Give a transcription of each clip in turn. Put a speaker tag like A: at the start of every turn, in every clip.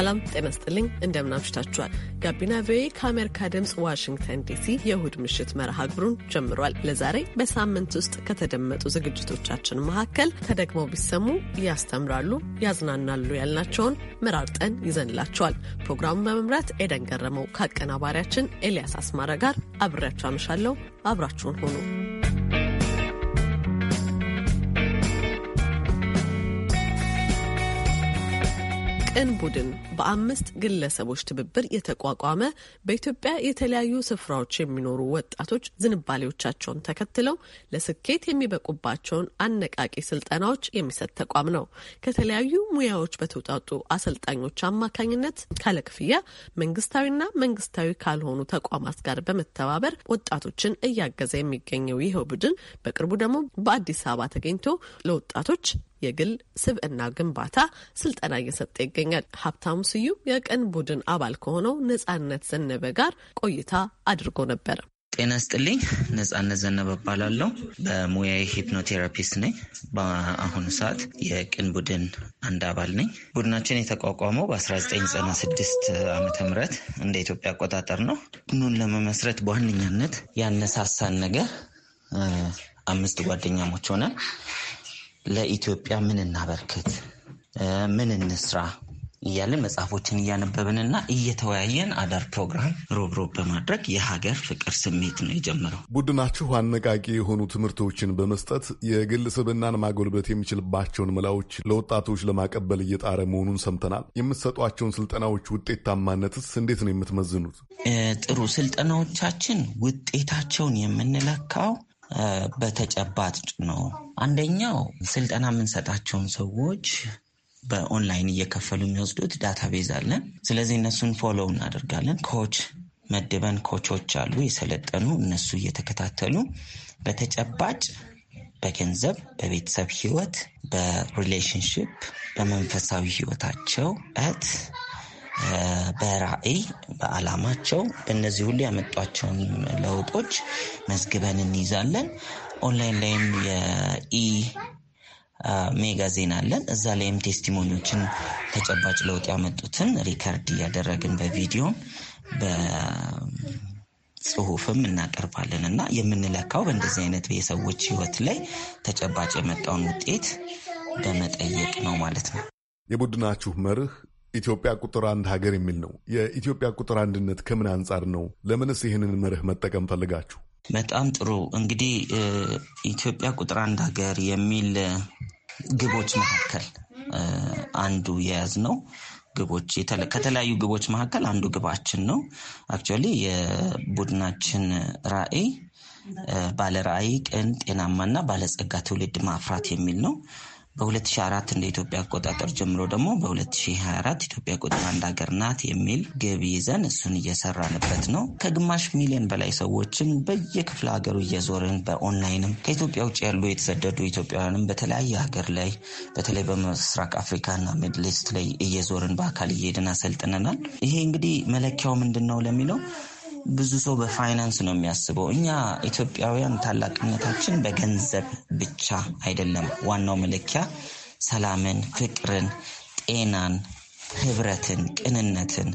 A: ሰላም ጤና ስጥልኝ፣ እንደምናምሽታችኋል። ጋቢና ቪኦኤ ከአሜሪካ ድምፅ ዋሽንግተን ዲሲ የእሁድ ምሽት መርሃ ግብሩን ጀምሯል። ለዛሬ በሳምንት ውስጥ ከተደመጡ ዝግጅቶቻችን መካከል ተደግመው ቢሰሙ ያስተምራሉ፣ ያዝናናሉ ያልናቸውን መራርጠን ይዘንላቸዋል። ፕሮግራሙን በመምራት ኤደን ገረመው ከአቀናባሪያችን ኤልያስ አስማረ ጋር አብሬያችሁ አምሻለሁ። አብራችሁን ሆኑ። ቅን ቡድን በአምስት ግለሰቦች ትብብር የተቋቋመ በኢትዮጵያ የተለያዩ ስፍራዎች የሚኖሩ ወጣቶች ዝንባሌዎቻቸውን ተከትለው ለስኬት የሚበቁባቸውን አነቃቂ ስልጠናዎች የሚሰጥ ተቋም ነው። ከተለያዩ ሙያዎች በተውጣጡ አሰልጣኞች አማካኝነት ካለክፍያ መንግስታዊና መንግስታዊ ካልሆኑ ተቋማት ጋር በመተባበር ወጣቶችን እያገዘ የሚገኘው ይኸው ቡድን በቅርቡ ደግሞ በአዲስ አበባ ተገኝቶ ለወጣቶች የግል ስብዕና ግንባታ ስልጠና እየሰጠ ይገኛል። ሀብታሙ ስዩም የቀን ቡድን አባል ከሆነው ነጻነት ዘነበ ጋር ቆይታ አድርጎ ነበር።
B: ጤና ስጥልኝ። ነጻነት ዘነበ እባላለሁ። በሙያዬ ሂፕኖቴራፒስት ነኝ። በአሁኑ ሰዓት የቅን ቡድን አንድ አባል ነኝ። ቡድናችን የተቋቋመው በ1996 ዓ ም እንደ ኢትዮጵያ አቆጣጠር ነው። ቡድኑን ለመመስረት በዋነኛነት ያነሳሳን ነገር አምስት ጓደኛሞች ሆነን ለኢትዮጵያ ምን እናበርክት፣ ምን እንስራ እያለን መጽሐፎችን እያነበብንና እየተወያየን አዳር ፕሮግራም ሮብሮብ በማድረግ የሀገር ፍቅር ስሜት ነው የጀመረው።
C: ቡድናችሁ አነቃቂ የሆኑ ትምህርቶችን በመስጠት የግል ስብናን ማጎልበት የሚችልባቸውን መላዎች ለወጣቶች ለማቀበል እየጣረ መሆኑን ሰምተናል። የምትሰጧቸውን ስልጠናዎች ውጤታማነትስ እንዴት ነው የምትመዝኑት? ጥሩ
B: ስልጠናዎቻችን ውጤታቸውን የምንለካው
C: በተጨባጭ
B: ነው። አንደኛው ስልጠና የምንሰጣቸውን ሰዎች በኦንላይን እየከፈሉ የሚወስዱት ዳታቤዝ አለን። ስለዚህ እነሱን ፎሎው እናደርጋለን። ኮች መድበን ኮቾች አሉ የሰለጠኑ እነሱ እየተከታተሉ በተጨባጭ በገንዘብ፣ በቤተሰብ ህይወት፣ በሪሌሽንሽፕ፣ በመንፈሳዊ ህይወታቸው እት በራዕይ በዓላማቸው በእነዚህ ሁሉ ያመጧቸውን ለውጦች መዝግበን እንይዛለን። ኦንላይን ላይም የኢ ሜጋ ዜና አለን። እዛ ላይም ቴስቲሞኒዎችን ተጨባጭ ለውጥ ያመጡትን ሪከርድ እያደረግን በቪዲዮም በጽሁፍም እናቀርባለን እና የምንለካው በእንደዚህ አይነት የሰዎች ህይወት ላይ
C: ተጨባጭ የመጣውን ውጤት በመጠየቅ ነው ማለት ነው። የቡድናችሁ መርህ ኢትዮጵያ ቁጥር አንድ ሀገር የሚል ነው። የኢትዮጵያ ቁጥር አንድነት ከምን አንጻር ነው? ለምንስ ይህንን መርህ መጠቀም ፈልጋችሁ?
B: በጣም ጥሩ እንግዲህ ኢትዮጵያ ቁጥር አንድ ሀገር የሚል ግቦች መካከል አንዱ የያዝ ነው ግቦች ከተለያዩ ግቦች መካከል አንዱ ግባችን ነው። አክቹዋሊ የቡድናችን ራዕይ ባለ ራዕይ ቅን ጤናማና ባለጸጋ ትውልድ ማፍራት የሚል ነው። በ2004 እንደ ኢትዮጵያ አቆጣጠር ጀምሮ ደግሞ በ2024 ኢትዮጵያ ቁጥር አንድ ሀገር ናት የሚል ገቢ ይዘን እሱን እየሰራንበት ነው። ከግማሽ ሚሊዮን በላይ ሰዎችን በየክፍለ ሀገሩ እየዞርን በኦንላይንም ከኢትዮጵያ ውጭ ያሉ የተሰደዱ ኢትዮጵያውያንም በተለያየ ሀገር ላይ በተለይ በምስራቅ አፍሪካና ሚድልስት ላይ እየዞርን በአካል እየሄድን አሰልጥነናል። ይሄ እንግዲህ መለኪያው ምንድን ነው ለሚለው ብዙ ሰው በፋይናንስ ነው የሚያስበው። እኛ ኢትዮጵያውያን ታላቅነታችን በገንዘብ ብቻ አይደለም። ዋናው መለኪያ ሰላምን፣ ፍቅርን፣ ጤናን፣ ህብረትን፣ ቅንነትን፣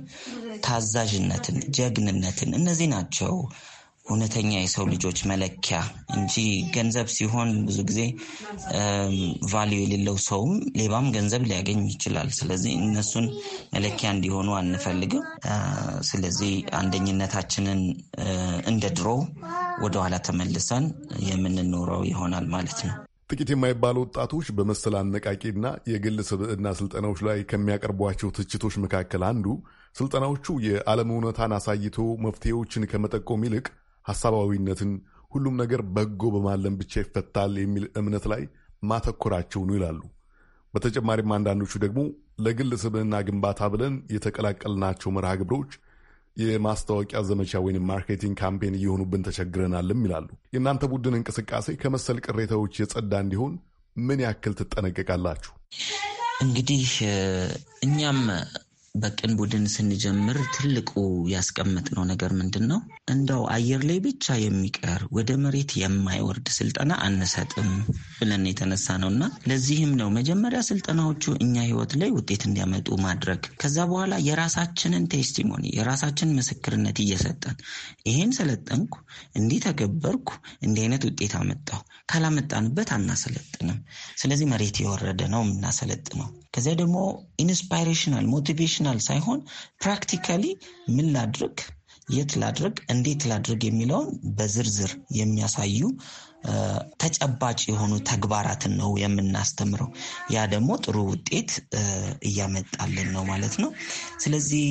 B: ታዛዥነትን፣ ጀግንነትን እነዚህ ናቸው። እውነተኛ የሰው ልጆች መለኪያ እንጂ ገንዘብ ሲሆን ብዙ ጊዜ ቫሊዩ የሌለው ሰውም ሌባም ገንዘብ ሊያገኝ ይችላል። ስለዚህ እነሱን መለኪያ እንዲሆኑ አንፈልግም። ስለዚህ አንደኝነታችንን
C: እንደ ድሮ ወደኋላ ተመልሰን የምንኖረው ይሆናል ማለት ነው። ጥቂት የማይባሉ ወጣቶች በመሰል አነቃቂና የግል ስብዕና ስልጠናዎች ላይ ከሚያቀርቧቸው ትችቶች መካከል አንዱ ስልጠናዎቹ የዓለም እውነታን አሳይቶ መፍትሄዎችን ከመጠቆም ይልቅ ሀሳባዊነትን ሁሉም ነገር በጎ በማለም ብቻ ይፈታል የሚል እምነት ላይ ማተኮራቸው ነው ይላሉ። በተጨማሪም አንዳንዶቹ ደግሞ ለግል ስብዕና ግንባታ ብለን የተቀላቀልናቸው መርሃ ግብሮች የማስታወቂያ ዘመቻ ወይም ማርኬቲንግ ካምፔን እየሆኑብን ተቸግረናልም ይላሉ። የእናንተ ቡድን እንቅስቃሴ ከመሰል ቅሬታዎች የጸዳ እንዲሆን ምን ያክል ትጠነቀቃላችሁ? እንግዲህ
B: እኛም በቅን ቡድን ስንጀምር ትልቁ ያስቀመጥነው ነገር ምንድን ነው? እንደው አየር ላይ ብቻ የሚቀር ወደ መሬት የማይወርድ ስልጠና አንሰጥም ብለን የተነሳ ነው እና ለዚህም ነው መጀመሪያ ስልጠናዎቹ እኛ ህይወት ላይ ውጤት እንዲያመጡ ማድረግ፣ ከዛ በኋላ የራሳችንን ቴስቲሞኒ የራሳችን ምስክርነት እየሰጠን ይሄን ሰለጠንኩ፣ እንዲህ ተገበርኩ፣ እንዲህ አይነት ውጤት አመጣሁ ካላመጣንበት አናሰለጥንም። ስለዚህ መሬት የወረደ ነው የምናሰለጥነው። ከዚያ ደግሞ ኢንስፓይሬሽናል ሞቲቬሽናል ሳይሆን ፕራክቲካሊ ምን ላድርግ፣ የት ላድርግ፣ እንዴት ላድርግ የሚለውን በዝርዝር የሚያሳዩ ተጨባጭ የሆኑ ተግባራትን ነው የምናስተምረው። ያ ደግሞ ጥሩ ውጤት እያመጣልን ነው ማለት ነው። ስለዚህ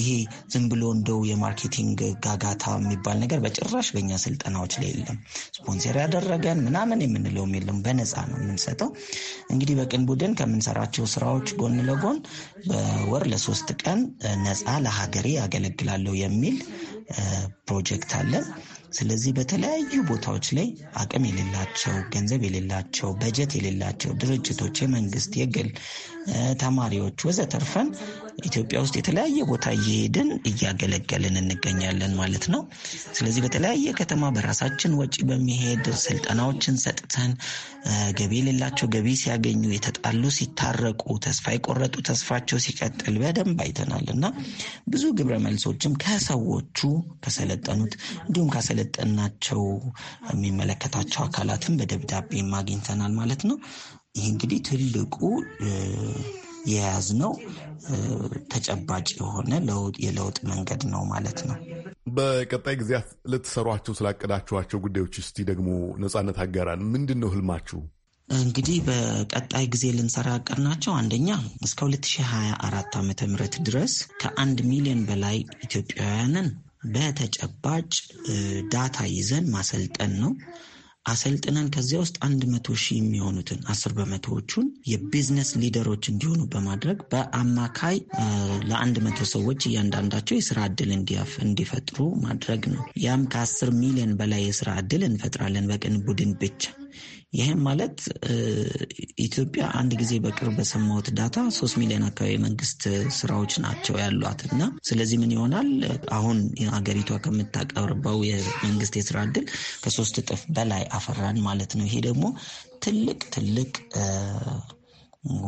B: ይሄ ዝም ብሎ እንደው የማርኬቲንግ ጋጋታ የሚባል ነገር በጭራሽ በኛ ስልጠናዎች ላይ የለም። ስፖንሰር ያደረገን ምናምን የምንለውም የለም። በነፃ ነው የምንሰጠው። እንግዲህ በቅን ቡድን ከምንሰራቸው ስራዎች ጎን ለጎን በወር ለሶስት ቀን ነፃ ለሀገሬ ያገለግላለሁ የሚል ፕሮጀክት አለን። ስለዚህ በተለያዩ ቦታዎች ላይ አቅም የሌላቸው ገንዘብ የሌላቸው በጀት የሌላቸው ድርጅቶች፣ የመንግስት፣ የግል ተማሪዎች ወዘተርፈን ኢትዮጵያ ውስጥ የተለያየ ቦታ እየሄድን እያገለገልን እንገኛለን ማለት ነው። ስለዚህ በተለያየ ከተማ በራሳችን ወጪ በሚሄድ ስልጠናዎችን ሰጥተን ገቢ የሌላቸው ገቢ ሲያገኙ፣ የተጣሉ ሲታረቁ፣ ተስፋ የቆረጡ ተስፋቸው ሲቀጥል በደንብ አይተናል እና ብዙ ግብረ መልሶችም ከሰዎቹ ከሰለጠኑት እንዲሁም ካሰለጠናቸው የሚመለከታቸው አካላትም በደብዳቤ አግኝተናል ማለት ነው። ይህ እንግዲህ ትልቁ የያዝነው ተጨባጭ የሆነ የለውጥ መንገድ ነው ማለት ነው።
C: በቀጣይ ጊዜያት ልትሰሯቸው ስላቀዳችኋቸው ጉዳዮች እስቲ ደግሞ ነጻነት አጋራን። ምንድን ነው ህልማችሁ? እንግዲህ በቀጣይ ጊዜ ልንሰራ ያቀድናቸው አንደኛ
B: እስከ 2024 ዓ ም ድረስ ከአንድ ሚሊዮን በላይ ኢትዮጵያውያንን በተጨባጭ ዳታ ይዘን ማሰልጠን ነው። አሰልጥነን ከዚያ ውስጥ አንድ መቶ ሺህ የሚሆኑትን አስር በመቶዎቹን የቢዝነስ ሊደሮች እንዲሆኑ በማድረግ በአማካይ ለአንድ መቶ ሰዎች እያንዳንዳቸው የስራ እድል እንዲፈጥሩ ማድረግ ነው። ያም ከአስር ሚሊዮን በላይ የስራ እድል እንፈጥራለን በቅን ቡድን ብቻ ይህም ማለት ኢትዮጵያ አንድ ጊዜ በቅርብ በሰማሁት ዳታ ሶስት ሚሊዮን አካባቢ የመንግስት ስራዎች ናቸው ያሏት እና ስለዚህ ምን ይሆናል አሁን ሀገሪቷ ከምታቀርበው የመንግስት የስራ እድል ከሶስት እጥፍ በላይ አፈራን ማለት ነው። ይሄ ደግሞ ትልቅ ትልቅ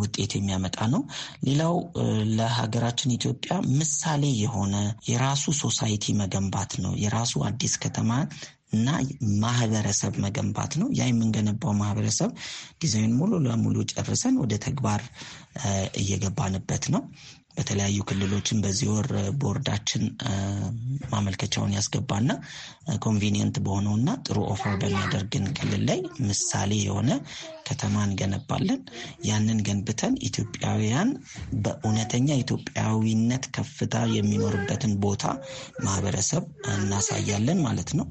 B: ውጤት የሚያመጣ ነው። ሌላው ለሀገራችን ኢትዮጵያ ምሳሌ የሆነ የራሱ ሶሳይቲ መገንባት ነው። የራሱ አዲስ ከተማ እና ማህበረሰብ መገንባት ነው። ያ የምንገነባው ማህበረሰብ ዲዛይን ሙሉ ለሙሉ ጨርሰን ወደ ተግባር እየገባንበት ነው። በተለያዩ ክልሎችን በዚህ ወር ቦርዳችን ማመልከቻውን ያስገባና በሆነው እና ጥሩ ኦፈር በሚያደርግን ክልል ላይ ምሳሌ የሆነ ከተማ እንገነባለን። ያንን ገንብተን ኢትዮጵያውያን በእውነተኛ ኢትዮጵያዊነት ከፍታ የሚኖርበትን ቦታ ማህበረሰብ እናሳያለን ማለት ነው።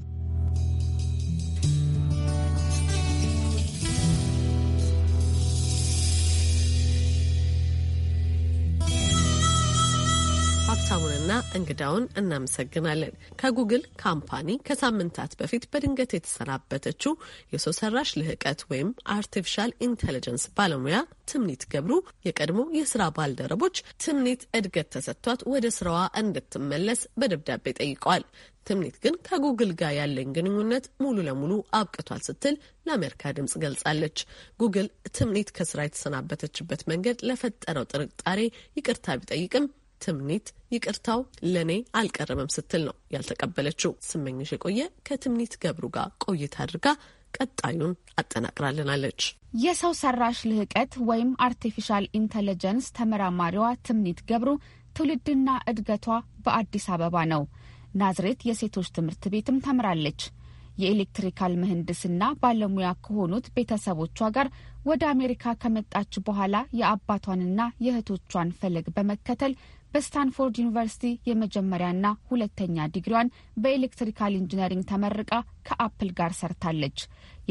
A: ካሳቡንና እንግዳውን እናመሰግናለን። ከጉግል ካምፓኒ ከሳምንታት በፊት በድንገት የተሰናበተችው የሰው ሰራሽ ልህቀት ወይም አርቲፊሻል ኢንቴሊጀንስ ባለሙያ ትምኒት ገብሩ የቀድሞ የስራ ባልደረቦች ትምኒት እድገት ተሰጥቷት ወደ ስራዋ እንድትመለስ በደብዳቤ ጠይቀዋል። ትምኒት ግን ከጉግል ጋር ያለኝ ግንኙነት ሙሉ ለሙሉ አብቅቷል ስትል ለአሜሪካ ድምጽ ገልጻለች። ጉግል ትምኒት ከስራ የተሰናበተችበት መንገድ ለፈጠረው ጥርጣሬ ይቅርታ ቢጠይቅም ትምኒት ይቅርታው ለእኔ አልቀረበም ስትል ነው ያልተቀበለችው። ስመኝሽ የቆየ ከትምኒት ገብሩ ጋር ቆይታ አድርጋ ቀጣዩን አጠናቅራልናለች።
D: የሰው ሰራሽ ልህቀት ወይም አርቲፊሻል ኢንተለጀንስ ተመራማሪዋ ትምኒት ገብሩ ትውልድና እድገቷ በአዲስ አበባ ነው። ናዝሬት የሴቶች ትምህርት ቤትም ተምራለች። የኤሌክትሪካል ምህንድስና ባለሙያ ከሆኑት ቤተሰቦቿ ጋር ወደ አሜሪካ ከመጣች በኋላ የአባቷንና የእህቶቿን ፈለግ በመከተል በስታንፎርድ ዩኒቨርሲቲ የመጀመሪያና ሁለተኛ ዲግሪዋን በኤሌክትሪካል ኢንጂነሪንግ ተመርቃ ከአፕል ጋር ሰርታለች።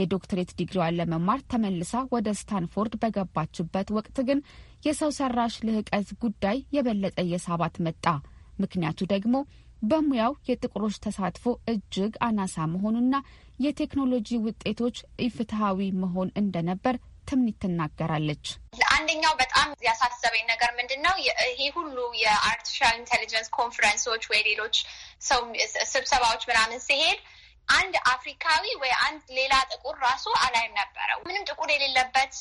D: የዶክትሬት ዲግሪዋን ለመማር ተመልሳ ወደ ስታንፎርድ በገባችበት ወቅት ግን የሰው ሰራሽ ልህቀት ጉዳይ የበለጠ የሳባት መጣ። ምክንያቱ ደግሞ በሙያው የጥቁሮች ተሳትፎ እጅግ አናሳ መሆኑና የቴክኖሎጂ ውጤቶች ኢፍትሐዊ መሆን እንደነበር ትምኒት ትናገራለች።
E: አንደኛው በጣም ያሳሰበኝ ነገር ምንድን ነው? ይሄ ሁሉ የአርቲፊሻል ኢንቴሊጀንስ ኮንፈረንሶች ወይ ሌሎች ሰው ስብሰባዎች ምናምን ሲሄድ አንድ አፍሪካዊ ወይ አንድ ሌላ ጥቁር ራሱ አላይም ነበረ። ምንም ጥቁር የሌለበት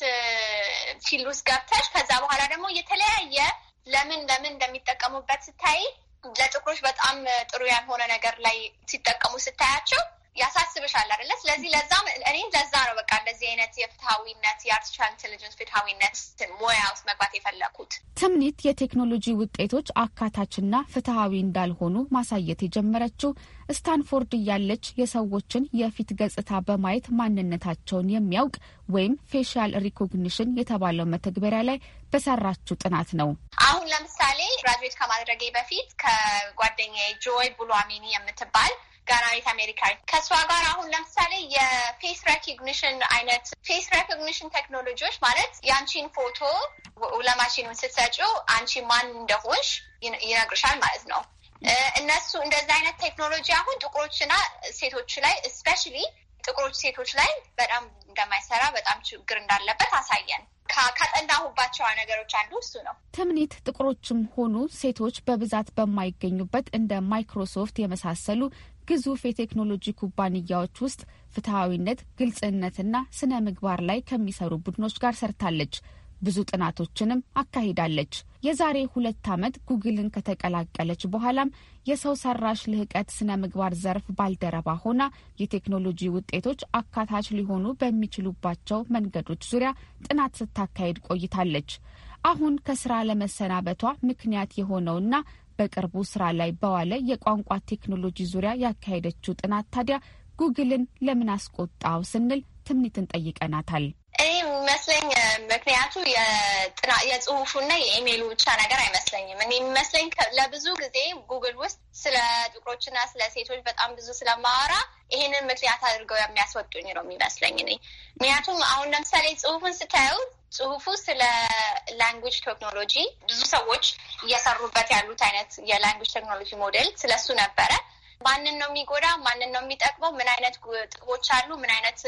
E: ፊልድ ውስጥ ገብተሽ ከዛ በኋላ ደግሞ የተለያየ ለምን ለምን እንደሚጠቀሙበት ስታይ ለጥቁሮች በጣም ጥሩ ያልሆነ ነገር ላይ ሲጠቀሙ ስታያቸው ያሳስብሻል አይደለ? ስለዚህ ለዛ እኔም ለዛ ነው በቃ እንደዚህ አይነት የፍትሐዊነት የአርቲፊሻል ኢንቴሊጀንስ ፍትሐዊነት ሙያ ውስጥ መግባት የፈለኩት።
D: ትምኒት የቴክኖሎጂ ውጤቶች አካታችና ፍትሐዊ እንዳልሆኑ ማሳየት የጀመረችው ስታንፎርድ እያለች የሰዎችን የፊት ገጽታ በማየት ማንነታቸውን የሚያውቅ ወይም ፌሻል ሪኮግኒሽን የተባለው መተግበሪያ ላይ በሰራችው ጥናት ነው።
E: አሁን ለምሳሌ ግራጁዌት ከማድረጌ በፊት ከጓደኛዬ ጆይ አሚኒ የምትባል ጋራዊት አሜሪካዊ ከእሷ ጋር አሁን ለምሳሌ የፌስ ሬኮግኒሽን አይነት ፌስ ሬኮግኒሽን ቴክኖሎጂዎች ማለት የአንቺን ፎቶ ለማሽኑን ስትሰጪው አንቺ ማን እንደሆንሽ ይነግርሻል ማለት ነው። እነሱ እንደዚህ አይነት ቴክኖሎጂ አሁን ጥቁሮችና ሴቶች ላይ እስፔሻሊ ጥቁሮች ሴቶች ላይ በጣም እንደማይሰራ በጣም ችግር እንዳለበት አሳየን። ካጠናሁባቸው ነገሮች አንዱ እሱ
D: ነው። ትምኒት ጥቁሮችም ሆኑ ሴቶች በብዛት በማይገኙበት እንደ ማይክሮሶፍት የመሳሰሉ ግዙፍ የቴክኖሎጂ ኩባንያዎች ውስጥ ፍትሐዊነት፣ ግልጽነትና ስነ ምግባር ላይ ከሚሰሩ ቡድኖች ጋር ሰርታለች። ብዙ ጥናቶችንም አካሂዳለች። የዛሬ ሁለት ዓመት ጉግልን ከተቀላቀለች በኋላም የሰው ሰራሽ ልህቀት ስነ ምግባር ዘርፍ ባልደረባ ሆና የቴክኖሎጂ ውጤቶች አካታች ሊሆኑ በሚችሉባቸው መንገዶች ዙሪያ ጥናት ስታካሄድ ቆይታለች። አሁን ከስራ ለመሰናበቷ ምክንያት የሆነውና በቅርቡ ስራ ላይ በዋለ የቋንቋ ቴክኖሎጂ ዙሪያ ያካሄደችው ጥናት ታዲያ ጉግልን ለምን አስቆጣው ስንል ትምኒትን ጠይቀናታል።
E: ምክንያቱ የጽሁፉና የኢሜይሉ ብቻ ነገር አይመስለኝም። እኔ የሚመስለኝ ለብዙ ጊዜ ጉግል ውስጥ ስለ ጥቁሮችና ስለ ሴቶች በጣም ብዙ ስለማወራ ይህንን ምክንያት አድርገው የሚያስወጡኝ ነው የሚመስለኝ እኔ። ምክንያቱም አሁን ለምሳሌ ጽሁፉን ስታየው ጽሁፉ ስለ ላንጉጅ ቴክኖሎጂ ብዙ ሰዎች እየሰሩበት ያሉት አይነት የላንጉጅ ቴክኖሎጂ ሞዴል ስለሱ ነበረ። ማንን ነው የሚጎዳ፣ ማንን ነው የሚጠቅመው፣ ምን አይነት ጥቅሞች አሉ፣ ምን አይነት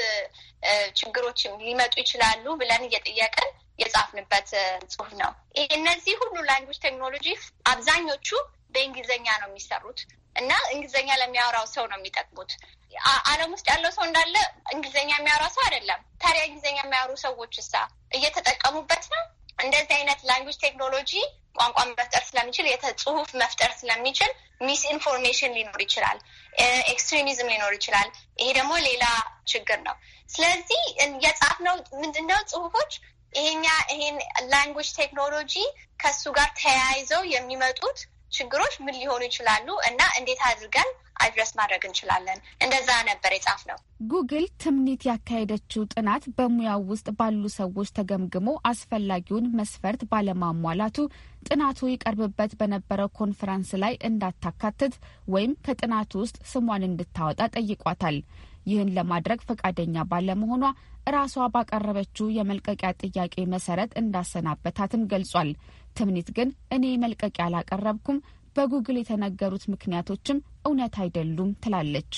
E: ችግሮች ሊመጡ ይችላሉ ብለን እየጠየቅን የጻፍንበት ጽሁፍ ነው። እነዚህ ሁሉ ላንጉጅ ቴክኖሎጂ አብዛኞቹ በእንግሊዝኛ ነው የሚሰሩት እና እንግሊዝኛ ለሚያወራው ሰው ነው የሚጠቅሙት። ዓለም ውስጥ ያለው ሰው እንዳለ እንግሊዝኛ የሚያወራ ሰው አይደለም። ታዲያ እንግሊዝኛ የሚያወሩ ሰዎች እሳ እየተጠቀሙበት ነው እንደዚህ አይነት ላንጉጅ ቴክኖሎጂ ቋንቋ መፍጠር ስለሚችል የተጽሁፍ መፍጠር ስለሚችል ሚስ ኢንፎርሜሽን ሊኖር ይችላል፣ ኤክስትሪሚዝም ሊኖር ይችላል። ይሄ ደግሞ ሌላ ችግር ነው። ስለዚህ የጻፍነው ምንድነው ጽሁፎች ይሄኛ ይሄን ላንጉጅ ቴክኖሎጂ ከሱ ጋር ተያይዘው የሚመጡት ችግሮች ምን ሊሆኑ ይችላሉ እና እንዴት አድርገን አድረስ ማድረግ እንችላለን። እንደዛ ነበር የጻፍ ነው።
D: ጉግል ትምኒት ያካሄደችው ጥናት በሙያው ውስጥ ባሉ ሰዎች ተገምግሞ አስፈላጊውን መስፈርት ባለማሟላቱ ጥናቱ ይቀርብበት በነበረው ኮንፈረንስ ላይ እንዳታካትት ወይም ከጥናቱ ውስጥ ስሟን እንድታወጣ ጠይቋታል። ይህን ለማድረግ ፈቃደኛ ባለመሆኗ ራሷ ባቀረበችው የመልቀቂያ ጥያቄ መሰረት እንዳሰናበታትም ገልጿል። ትምኒት ግን እኔ መልቀቂያ አላቀረብኩም፣ በጉግል የተነገሩት ምክንያቶችም እውነት አይደሉም ትላለች።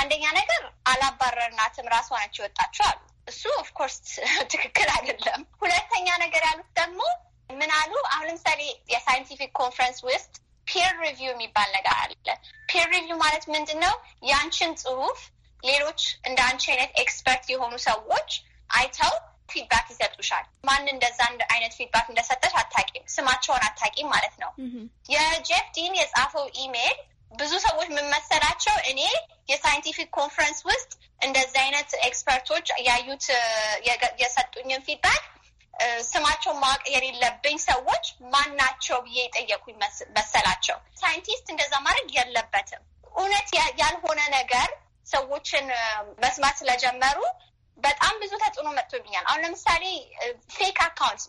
E: አንደኛ ነገር አላባረርናትም፣ ራሷ ነች የወጣችው አሉ። እሱ ኦፍኮርስ ትክክል አይደለም። ሁለተኛ ነገር ያሉት ደግሞ ምን አሉ? አሁን ለምሳሌ የሳይንቲፊክ ኮንፈረንስ ውስጥ ፒር ሪቪው የሚባል ነገር አለ። ፒር ሪቪው ማለት ምንድን ነው? ያንቺን ጽሁፍ ሌሎች እንደ አንቺ አይነት ኤክስፐርት የሆኑ ሰዎች አይተው ፊድባክ ይሰጡሻል። ማን እንደዛ አይነት ፊድባክ እንደሰጠች አታቂም፣ ስማቸውን አታቂም ማለት ነው። የጄፍ ዲን የጻፈው ኢሜይል ብዙ ሰዎች የምመሰላቸው እኔ የሳይንቲፊክ ኮንፈረንስ ውስጥ እንደዚህ አይነት ኤክስፐርቶች ያዩት የሰጡኝን ፊድባክ ስማቸውን ማወቅ የሌለብኝ ሰዎች ማናቸው ብዬ የጠየቁኝ መሰላቸው። ሳይንቲስት እንደዛ ማድረግ የለበትም። እውነት ያልሆነ ነገር ሰዎችን መስማት ስለጀመሩ በጣም ብዙ ተጽዕኖ መጥቶብኛል። አሁን ለምሳሌ ፌክ አካውንት፣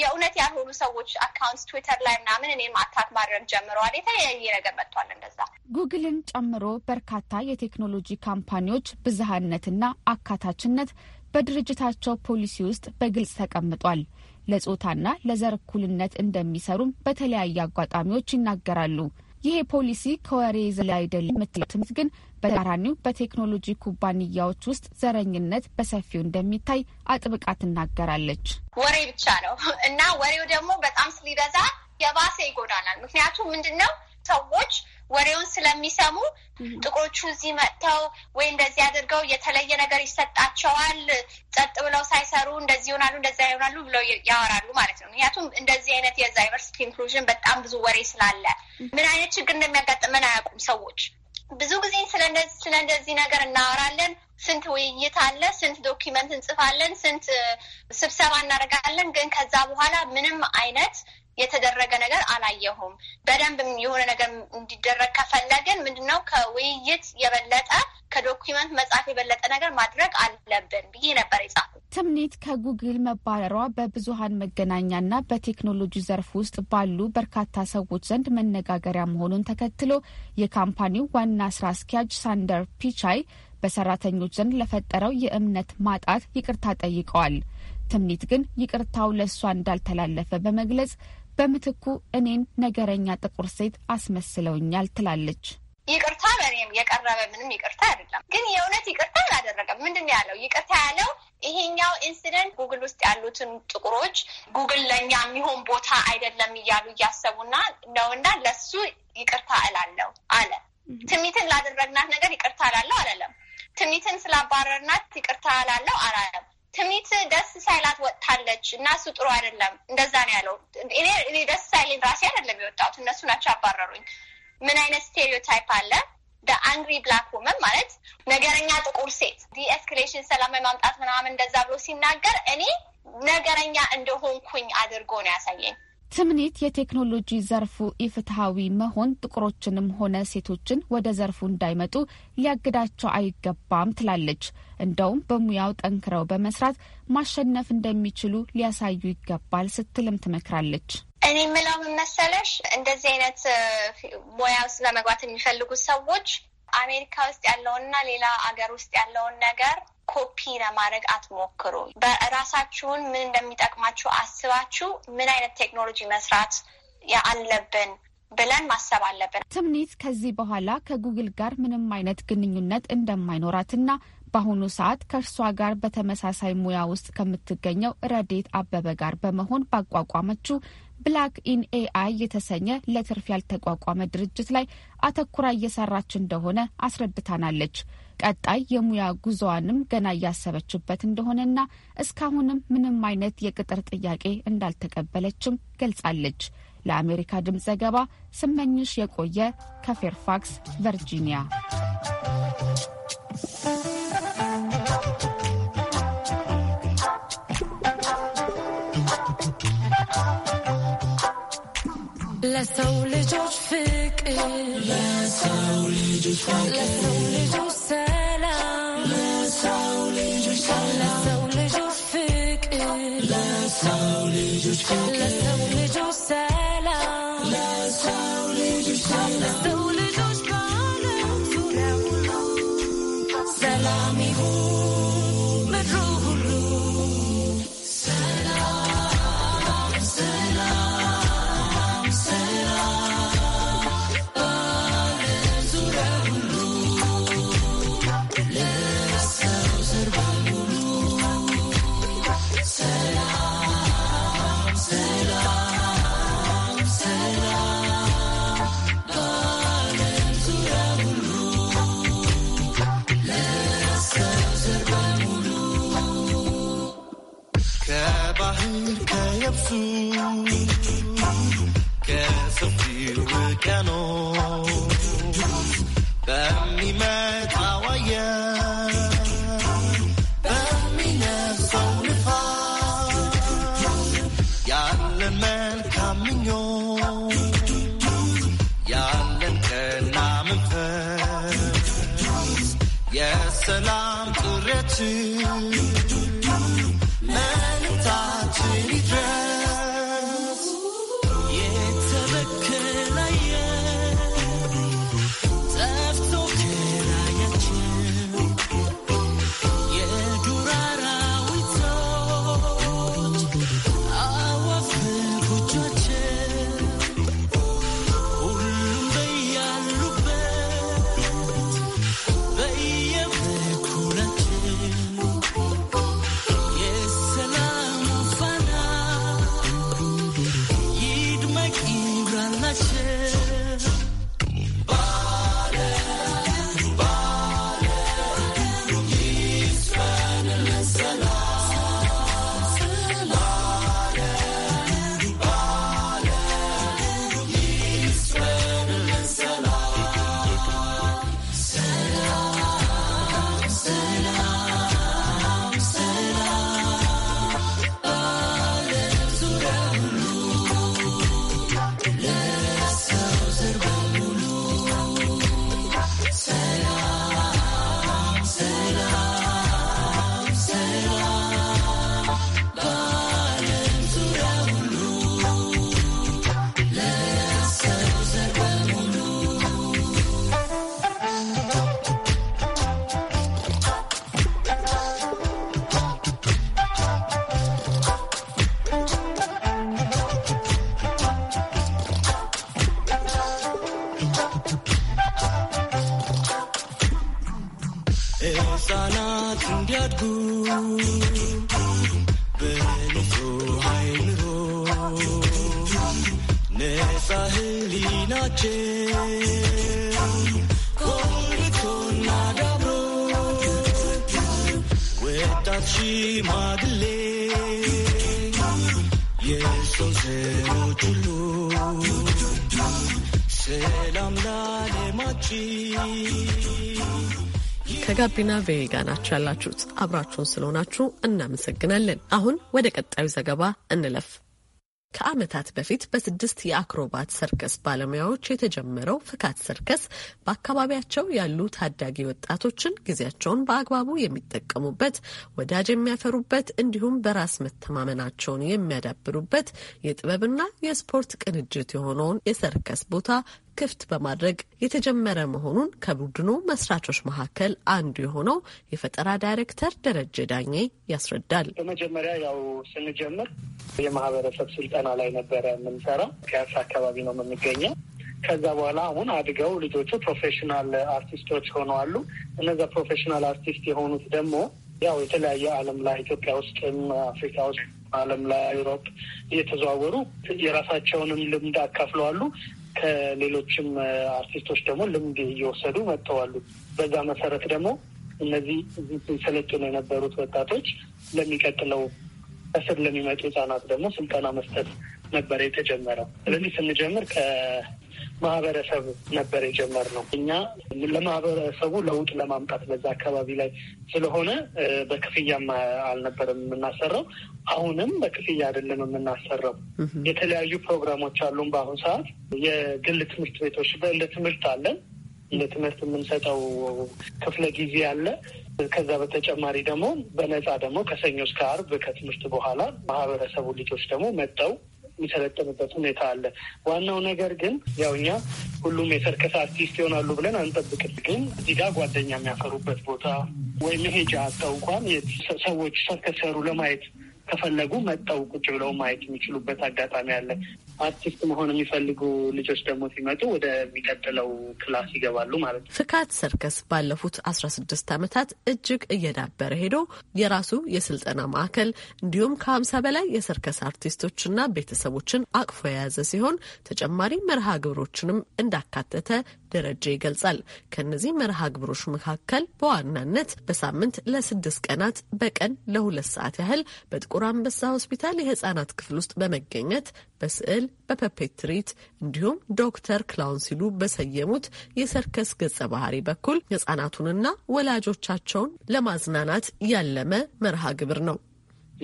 E: የእውነት ያልሆኑ ሰዎች አካውንት ትዊተር ላይ ምናምን እኔ አታክ ማድረግ ጀምረዋል። የተለያየ ነገር መጥቷል። እንደዛ
D: ጉግልን ጨምሮ በርካታ የቴክኖሎጂ ካምፓኒዎች ብዝሃነትና አካታችነት በድርጅታቸው ፖሊሲ ውስጥ በግልጽ ተቀምጧል። ለጾታና ለዘር እኩልነት እንደሚሰሩም በተለያየ አጋጣሚዎች ይናገራሉ። ይሄ ፖሊሲ ከወሬ ዘላ አይደለም የምትሉትም ግን በተቃራኒው በቴክኖሎጂ ኩባንያዎች ውስጥ ዘረኝነት በሰፊው እንደሚታይ አጥብቃ ትናገራለች።
E: ወሬ ብቻ ነው እና ወሬው ደግሞ በጣም ስሊበዛ የባሰ ይጎዳናል። ምክንያቱም ምንድን ነው ሰዎች ወሬውን ስለሚሰሙ ጥቁሮቹ እዚህ መጥተው ወይ እንደዚህ አድርገው የተለየ ነገር ይሰጣቸዋል፣ ጸጥ ብለው ሳይሰሩ እንደዚህ ይሆናሉ፣ እንደዚያ ይሆናሉ ብለው ያወራሉ ማለት ነው። ምክንያቱም እንደዚህ አይነት የዳይቨርሲቲ ኢንክሉዥን በጣም ብዙ ወሬ ስላለ ምን አይነት ችግር እንደሚያጋጥመን አያውቁም ሰዎች። ብዙ ጊዜ ስለ እንደዚህ ነገር እናወራለን። ስንት ውይይት አለ፣ ስንት ዶኪመንት እንጽፋለን፣ ስንት ስብሰባ እናደርጋለን። ግን ከዛ በኋላ ምንም አይነት የተደረገ ነገር አላየሁም። በደንብ የሆነ ነገር እንዲደረግ ከፈለግን ምንድነው ከውይይት የበለጠ ከዶኪመንት መጽሐፍ የበለጠ ነገር ማድረግ አለብን ብዬ ነበር
D: የጻፉት። ትምኒት ከጉግል መባረሯ በብዙሀን መገናኛና በቴክኖሎጂ ዘርፍ ውስጥ ባሉ በርካታ ሰዎች ዘንድ መነጋገሪያ መሆኑን ተከትሎ የካምፓኒው ዋና ስራ አስኪያጅ ሳንደር ፒቻይ በሰራተኞች ዘንድ ለፈጠረው የእምነት ማጣት ይቅርታ ጠይቀዋል። ትምኒት ግን ይቅርታው ለእሷ እንዳልተላለፈ በመግለጽ በምትኩ እኔን ነገረኛ ጥቁር ሴት አስመስለውኛል ትላለች።
E: ይቅርታ በእኔም የቀረበ ምንም ይቅርታ አይደለም፣ ግን የእውነት ይቅርታ አላደረገም። ምንድን ያለው? ይቅርታ ያለው ይሄኛው ኢንሲደንት ጉግል ውስጥ ያሉትን ጥቁሮች ጉግል ለእኛ የሚሆን ቦታ አይደለም እያሉ እያሰቡና ነውና ለሱ ይቅርታ እላለው አለ። ትሚትን ላደረግናት ነገር ይቅርታ እላለሁ አላለም። ትሚትን ስላባረርናት ይቅርታ እላለሁ አላለም። ትምኒት ደስ ሳይላት ወጥታለች እና እሱ ጥሩ አይደለም፣ እንደዛ ነው ያለው። እኔ ደስ ሳይልን ራሴ አይደለም የወጣሁት፣ እነሱ ናቸው ያባረሩኝ። ምን አይነት ስቴሪዮታይፕ አለ? በአንግሪ ብላክ ውመን ማለት ነገረኛ ጥቁር ሴት ዲኤስክሌሽን ሰላማዊ ማምጣት ምናምን እንደዛ ብሎ ሲናገር እኔ ነገረኛ እንደሆንኩኝ አድርጎ ነው ያሳየኝ።
D: ትምኒት የቴክኖሎጂ ዘርፉ ኢፍትሐዊ መሆን ጥቁሮችንም ሆነ ሴቶችን ወደ ዘርፉ እንዳይመጡ ሊያግዳቸው አይገባም ትላለች። እንደውም በሙያው ጠንክረው በመስራት ማሸነፍ እንደሚችሉ ሊያሳዩ ይገባል ስትልም ትመክራለች።
E: እኔ ምለው መሰለሽ እንደዚህ አይነት ሙያ ውስጥ ለመግባት የሚፈልጉ ሰዎች አሜሪካ ውስጥ ያለውንና ሌላ አገር ውስጥ ያለውን ነገር ኮፒ ለማድረግ አትሞክሩ። በራሳችሁን ምን እንደሚጠቅማችሁ አስባችሁ ምን አይነት ቴክኖሎጂ መስራት
D: አለብን ብለን ማሰብ አለብን። ትምኒት ከዚህ በኋላ ከጉግል ጋር ምንም አይነት ግንኙነት እንደማይኖራትና በአሁኑ ሰዓት ከእርሷ ጋር በተመሳሳይ ሙያ ውስጥ ከምትገኘው ረዴት አበበ ጋር በመሆን ባቋቋመችው ብላክ ኢን ኤአይ የተሰኘ ለትርፍ ያልተቋቋመ ድርጅት ላይ አተኩራ እየሰራች እንደሆነ አስረድታናለች። ቀጣይ የሙያ ጉዞዋንም ገና እያሰበችበት እንደሆነና እስካሁንም ምንም አይነት የቅጥር ጥያቄ እንዳልተቀበለችም ገልጻለች። ለአሜሪካ ድምፅ ዘገባ ስመኝሽ የቆየ ከፌርፋክስ ቨርጂኒያ።
F: ለሰው ልጆች ፍቅር፣ ለሰው ልጆች ሰላም፣ ለሰው ልጆች ፍቅር፣ ለሰው ልጆች ሰላም Oh,
A: ከጋቢና ቬጋ ናችሁ ያላችሁት አብራችሁን ስለሆናችሁ እናመሰግናለን። አሁን ወደ ቀጣዩ ዘገባ እንለፍ። ከዓመታት በፊት በስድስት የአክሮባት ሰርከስ ባለሙያዎች የተጀመረው ፍካት ሰርከስ በአካባቢያቸው ያሉ ታዳጊ ወጣቶችን ጊዜያቸውን በአግባቡ የሚጠቀሙበት፣ ወዳጅ የሚያፈሩበት እንዲሁም በራስ መተማመናቸውን የሚያዳብሩበት የጥበብና የስፖርት ቅንጅት የሆነውን የሰርከስ ቦታ ክፍት በማድረግ የተጀመረ መሆኑን ከቡድኑ መስራቾች መካከል አንዱ የሆነው የፈጠራ ዳይሬክተር ደረጀ ዳኜ ያስረዳል።
G: በመጀመሪያ ያው ስንጀምር የማህበረሰብ ስልጠና ላይ ነበረ የምንሰራው። ከያሳ አካባቢ ነው የምንገኘው። ከዛ በኋላ አሁን አድገው ልጆቹ ፕሮፌሽናል አርቲስቶች ሆነዋሉ። እነዛ ፕሮፌሽናል አርቲስት የሆኑት ደግሞ ያው የተለያየ ዓለም ላይ ኢትዮጵያ ውስጥም አፍሪካ ውስጥ ዓለም ላይ አውሮፕ እየተዘዋወሩ የራሳቸውንም ልምድ አካፍለዋሉ። ከሌሎችም አርቲስቶች ደግሞ ልምድ እየወሰዱ መጥተዋሉ። በዛ መሰረት ደግሞ እነዚህ ሰለጥኑ የነበሩት ወጣቶች ለሚቀጥለው ከስር ለሚመጡ ህጻናት ደግሞ ስልጠና መስጠት ነበረ የተጀመረው። ስለዚህ ስንጀምር ማህበረሰብ ነበር የጀመር ነው። እኛ ለማህበረሰቡ ለውጥ ለማምጣት በዛ አካባቢ ላይ ስለሆነ በክፍያም አልነበርም የምናሰራው። አሁንም በክፍያ አይደለም የምናሰራው። የተለያዩ ፕሮግራሞች አሉን። በአሁኑ ሰዓት የግል ትምህርት ቤቶች እንደ ትምህርት አለን እንደ ትምህርት የምንሰጠው ክፍለ ጊዜ አለ። ከዛ በተጨማሪ ደግሞ በነፃ ደግሞ ከሰኞ እስከ አርብ ከትምህርት በኋላ ማህበረሰቡ ልጆች ደግሞ መጠው የሚሰለጥንበት ሁኔታ አለ። ዋናው ነገር ግን ያው እኛ ሁሉም የሰርከስ አርቲስት ይሆናሉ ብለን አንጠብቅም። ግን እዚህ ጋር ጓደኛ የሚያፈሩበት ቦታ ወይ መሄጃ አጣው እንኳን ሰዎች ሰርከስ ሰሩ ለማየት ከፈለጉ መጠው ቁጭ ብለው ማየት የሚችሉበት አጋጣሚ አለ። አርቲስት መሆን የሚፈልጉ ልጆች ደግሞ ሲመጡ ወደሚቀጥለው ክላስ ይገባሉ ማለት ነው።
A: ፍካት ሰርከስ ባለፉት አስራ ስድስት ዓመታት እጅግ እየዳበረ ሄዶ የራሱ የስልጠና ማዕከል እንዲሁም ከሀምሳ በላይ የሰርከስ አርቲስቶችና ቤተሰቦችን አቅፎ የያዘ ሲሆን ተጨማሪ መርሃ ግብሮችንም እንዳካተተ ደረጀ ይገልጻል። ከእነዚህ መርሃ ግብሮች መካከል በዋናነት በሳምንት ለስድስት ቀናት በቀን ለሁለት ሰዓት ያህል በጥቁር አንበሳ ሆስፒታል የህጻናት ክፍል ውስጥ በመገኘት በስዕል ሲል በፐፔትሪት እንዲሁም ዶክተር ክላውን ሲሉ በሰየሙት የሰርከስ ገጸ ባህሪ በኩል ህጻናቱንና ወላጆቻቸውን ለማዝናናት ያለመ መርሃ ግብር ነው።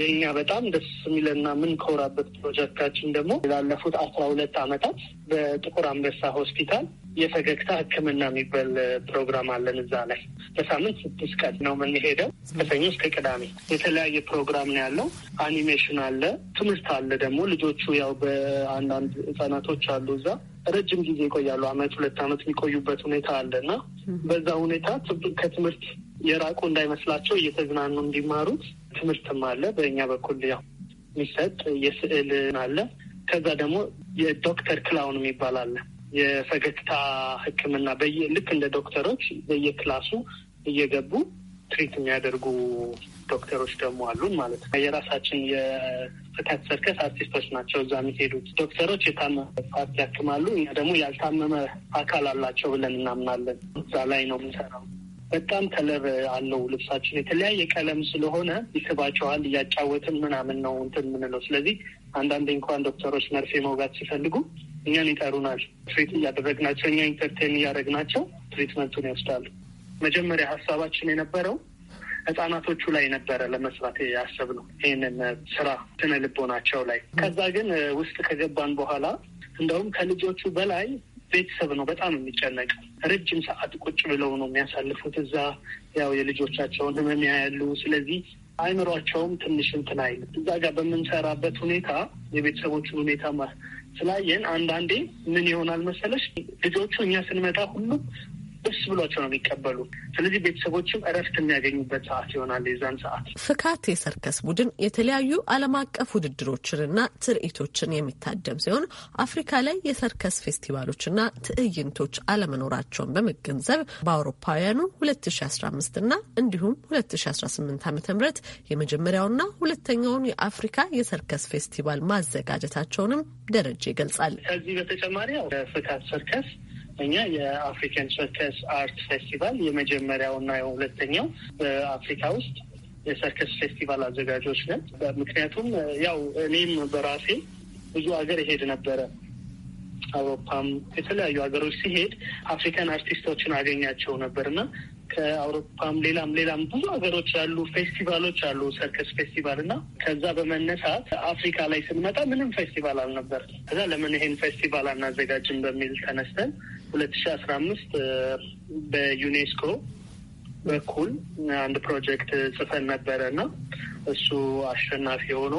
G: የእኛ በጣም ደስ የሚለና ምን የምንኮራበት ፕሮጀክታችን ደግሞ ላለፉት አስራ ሁለት አመታት በጥቁር አንበሳ ሆስፒታል የፈገግታ ሕክምና የሚባል ፕሮግራም አለን። እዛ ላይ በሳምንት ስድስት ቀን ነው የምንሄደው ከሰኞ እስከ ቅዳሜ የተለያየ ፕሮግራም ነው ያለው። አኒሜሽን አለ፣ ትምህርት አለ። ደግሞ ልጆቹ ያው በአንዳንድ ህጻናቶች አሉ እዛ ረጅም ጊዜ ይቆያሉ። አመት ሁለት አመት የሚቆዩበት ሁኔታ አለ እና በዛ ሁኔታ ከትምህርት የራቁ እንዳይመስላቸው እየተዝናኑ እንዲማሩት ትምህርትም አለ። በእኛ በኩል ያው የሚሰጥ የስዕል አለ። ከዛ ደግሞ የዶክተር ክላውን የሚባል አለ። የፈገግታ ሕክምና ልክ እንደ ዶክተሮች በየክላሱ እየገቡ ትሪት የሚያደርጉ ዶክተሮች ደግሞ አሉን ማለት ነው። የራሳችን የፍካት ሰርከስ አርቲስቶች ናቸው እዛ የሚሄዱት ዶክተሮች የታመመ ፓርት ያክማሉ። እኛ ደግሞ ያልታመመ አካል አላቸው ብለን እናምናለን። እዛ ላይ ነው የምንሰራው። በጣም ከለር አለው ልብሳችን የተለያየ ቀለም ስለሆነ ይስባቸዋል። እያጫወትን ምናምን ነው እንትን የምንለው። ስለዚህ አንዳንዴ እንኳን ዶክተሮች መርፌ መውጋት ሲፈልጉ እኛን ይጠሩናል። ትሪት እያደረግናቸው እኛ ኢንተርቴን እያደረግናቸው ትሪትመንቱን ይወስዳሉ። መጀመሪያ ሀሳባችን የነበረው ህጻናቶቹ ላይ ነበረ ለመስራት ያሰብነው ይህንን ስራ ስነ ልቦናቸው ላይ። ከዛ ግን ውስጥ ከገባን በኋላ እንደውም ከልጆቹ በላይ ቤተሰብ ነው በጣም የሚጨነቀው። ረጅም ሰዓት ቁጭ ብለው ነው የሚያሳልፉት እዛ ያው የልጆቻቸውን ህመም ያያሉ። ስለዚህ አይምሯቸውም ትንሽ እንትን አይልም። እዛ ጋር በምንሰራበት ሁኔታ የቤተሰቦቹን ሁኔታ ስላየን አንዳንዴ ምን ይሆናል መሰለሽ ልጆቹ እኛ ስንመጣ ሁሉም ደስ ብሏቸው ነው የሚቀበሉ። ስለዚህ ቤተሰቦችም እረፍት የሚያገኙበት ሰዓት ይሆናል የዛን ሰዓት።
A: ፍካት የሰርከስ ቡድን የተለያዩ ዓለም አቀፍ ውድድሮችንና ትርኢቶችን የሚታደም ሲሆን አፍሪካ ላይ የሰርከስ ፌስቲቫሎችና ትዕይንቶች አለመኖራቸውን በመገንዘብ በአውሮፓውያኑ 2015 ና እንዲሁም 2018 ዓ ም የመጀመሪያውና ሁለተኛውን የአፍሪካ የሰርከስ ፌስቲቫል ማዘጋጀታቸውንም ደረጀ ይገልጻል።
G: ከዚህ በተጨማሪ ፍካት ሰርከስ እኛ የአፍሪካን ሰርከስ አርት ፌስቲቫል የመጀመሪያው እና የሁለተኛው በአፍሪካ ውስጥ የሰርከስ ፌስቲቫል አዘጋጆች ነን። ምክንያቱም ያው እኔም በራሴ ብዙ ሀገር ይሄድ ነበረ። አውሮፓም የተለያዩ ሀገሮች ሲሄድ አፍሪካን አርቲስቶችን አገኛቸው ነበር እና ከአውሮፓም ሌላም ሌላም ብዙ ሀገሮች ያሉ ፌስቲቫሎች አሉ ሰርከስ ፌስቲቫል እና ከዛ በመነሳት አፍሪካ ላይ ስንመጣ ምንም ፌስቲቫል አልነበር። ከዛ ለምን ይሄን ፌስቲቫል አናዘጋጅም በሚል ተነስተን ሁለት ሺ አስራ አምስት uh, በዩኔስኮ በኩል አንድ ፕሮጀክት ጽፈን ነበረ እና እሱ አሸናፊ ሆኖ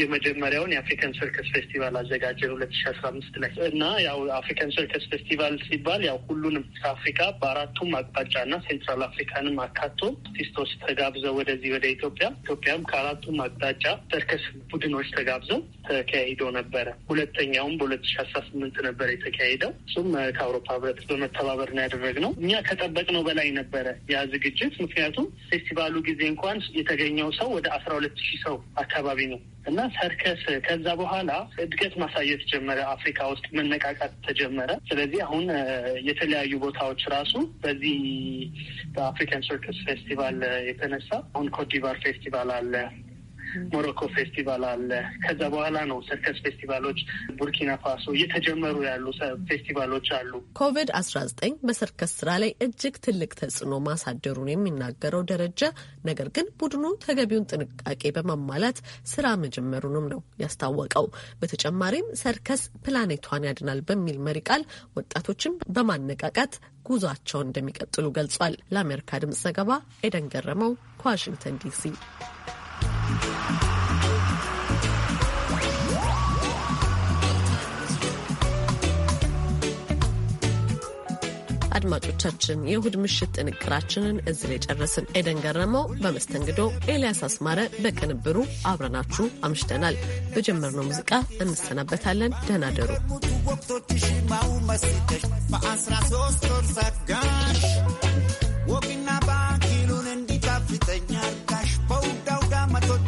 G: የመጀመሪያውን የአፍሪካን ሰርከስ ፌስቲቫል አዘጋጀ ሁለት ሺ አስራ አምስት ላይ እና ያው አፍሪካን ሰርከስ ፌስቲቫል ሲባል ያው ሁሉንም ከአፍሪካ በአራቱም አቅጣጫ እና ሴንትራል አፍሪካንም አካቶ አርቲስቶች ተጋብዘው ወደዚህ ወደ ኢትዮጵያ ኢትዮጵያም ከአራቱም አቅጣጫ ሰርከስ ቡድኖች ተጋብዘው ተካሂዶ ነበረ። ሁለተኛውም በሁለት ሺ አስራ ስምንት ነበረ የተካሄደው። እሱም ከአውሮፓ ህብረት በመተባበር ነው ያደረግነው። እኛ ከጠበቅነው በላይ ነበረ ያ ዝግጅት። ምክንያቱም ፌስቲቫሉ ጊዜ እንኳን የተገኘው ሰው ወደ አስራ ሁለት ሺህ ሰው አካባቢ ነው እና ሰርከስ ከዛ በኋላ እድገት ማሳየት ጀመረ። አፍሪካ ውስጥ መነቃቃት ተጀመረ። ስለዚህ አሁን የተለያዩ ቦታዎች ራሱ በዚህ በአፍሪካን ሰርከስ ፌስቲቫል የተነሳ አሁን ኮትዲቫር ፌስቲቫል አለ፣ ሞሮኮ ፌስቲቫል አለ። ከዛ በኋላ ነው ሰርከስ ፌስቲቫሎች ቡርኪና ፋሶ እየተጀመሩ ያሉ ፌስቲቫሎች አሉ።
A: ኮቪድ አስራ ዘጠኝ በሰርከስ ስራ ላይ እጅግ ትልቅ ተጽዕኖ ማሳደሩን የሚናገረው ደረጃ፣ ነገር ግን ቡድኑ ተገቢውን ጥንቃቄ በማሟላት ስራ መጀመሩንም ነው ያስታወቀው። በተጨማሪም ሰርከስ ፕላኔቷን ያድናል በሚል መሪ ቃል ወጣቶችን በማነቃቃት ጉዟቸውን እንደሚቀጥሉ ገልጿል። ለአሜሪካ ድምጽ ዘገባ ኤደን ገረመው ከዋሽንግተን ዲሲ አድማጮቻችን የእሁድ ምሽት ጥንቅራችንን እዚህ ላይ ጨረስን። ኤደን ገረመው በመስተንግዶ፣ ኤልያስ አስማረ በቅንብሩ አብረናችሁ አምሽተናል። በጀመርነው ሙዚቃ እንሰናበታለን። ደህና ደሩ።
H: በአስራ ሶስት ወር ዘጋሽ ወግና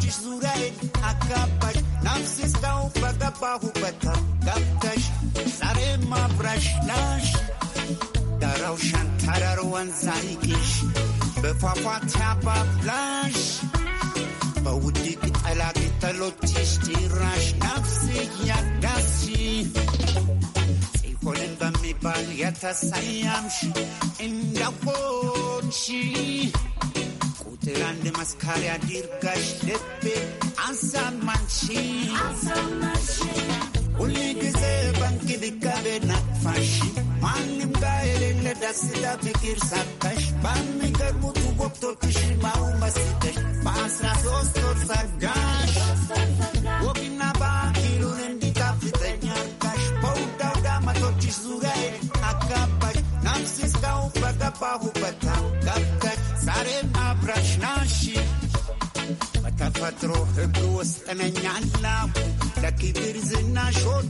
H: አንቺሽ ዙሪያዬን አካባሽ ናፍስታው በገባሁበት ገብተሽ ዛሬም አብራሽ ናሽ ዳራው ሻንታረር ወንዝ ሐይቅሽ በፏፏቴ አባብላሽ በውድ ቅጠላ ቅጠሎችሽ ጭራሽ ነፍስ እያዳስሽ ጽዮንን በሚባል የተሰየምሽ እንደሆንሽ Tiraan de maskara dirgash deppe ansam manchi. Ansam manchi. Uli gize banki dikabe nakfash. Manim gaile le dasida fikir sakash. Bami garbu tu gopto kishi mau masitesh. Basra sostor sagash. Wokina ba kilun endika fitanyar kash. Pouta dama tochish zugai akapash. Namsis kau pagapa hubata kapka. ተፈጥሮ ህግ ውስጥ ነኛና ለክብር ዝናሾ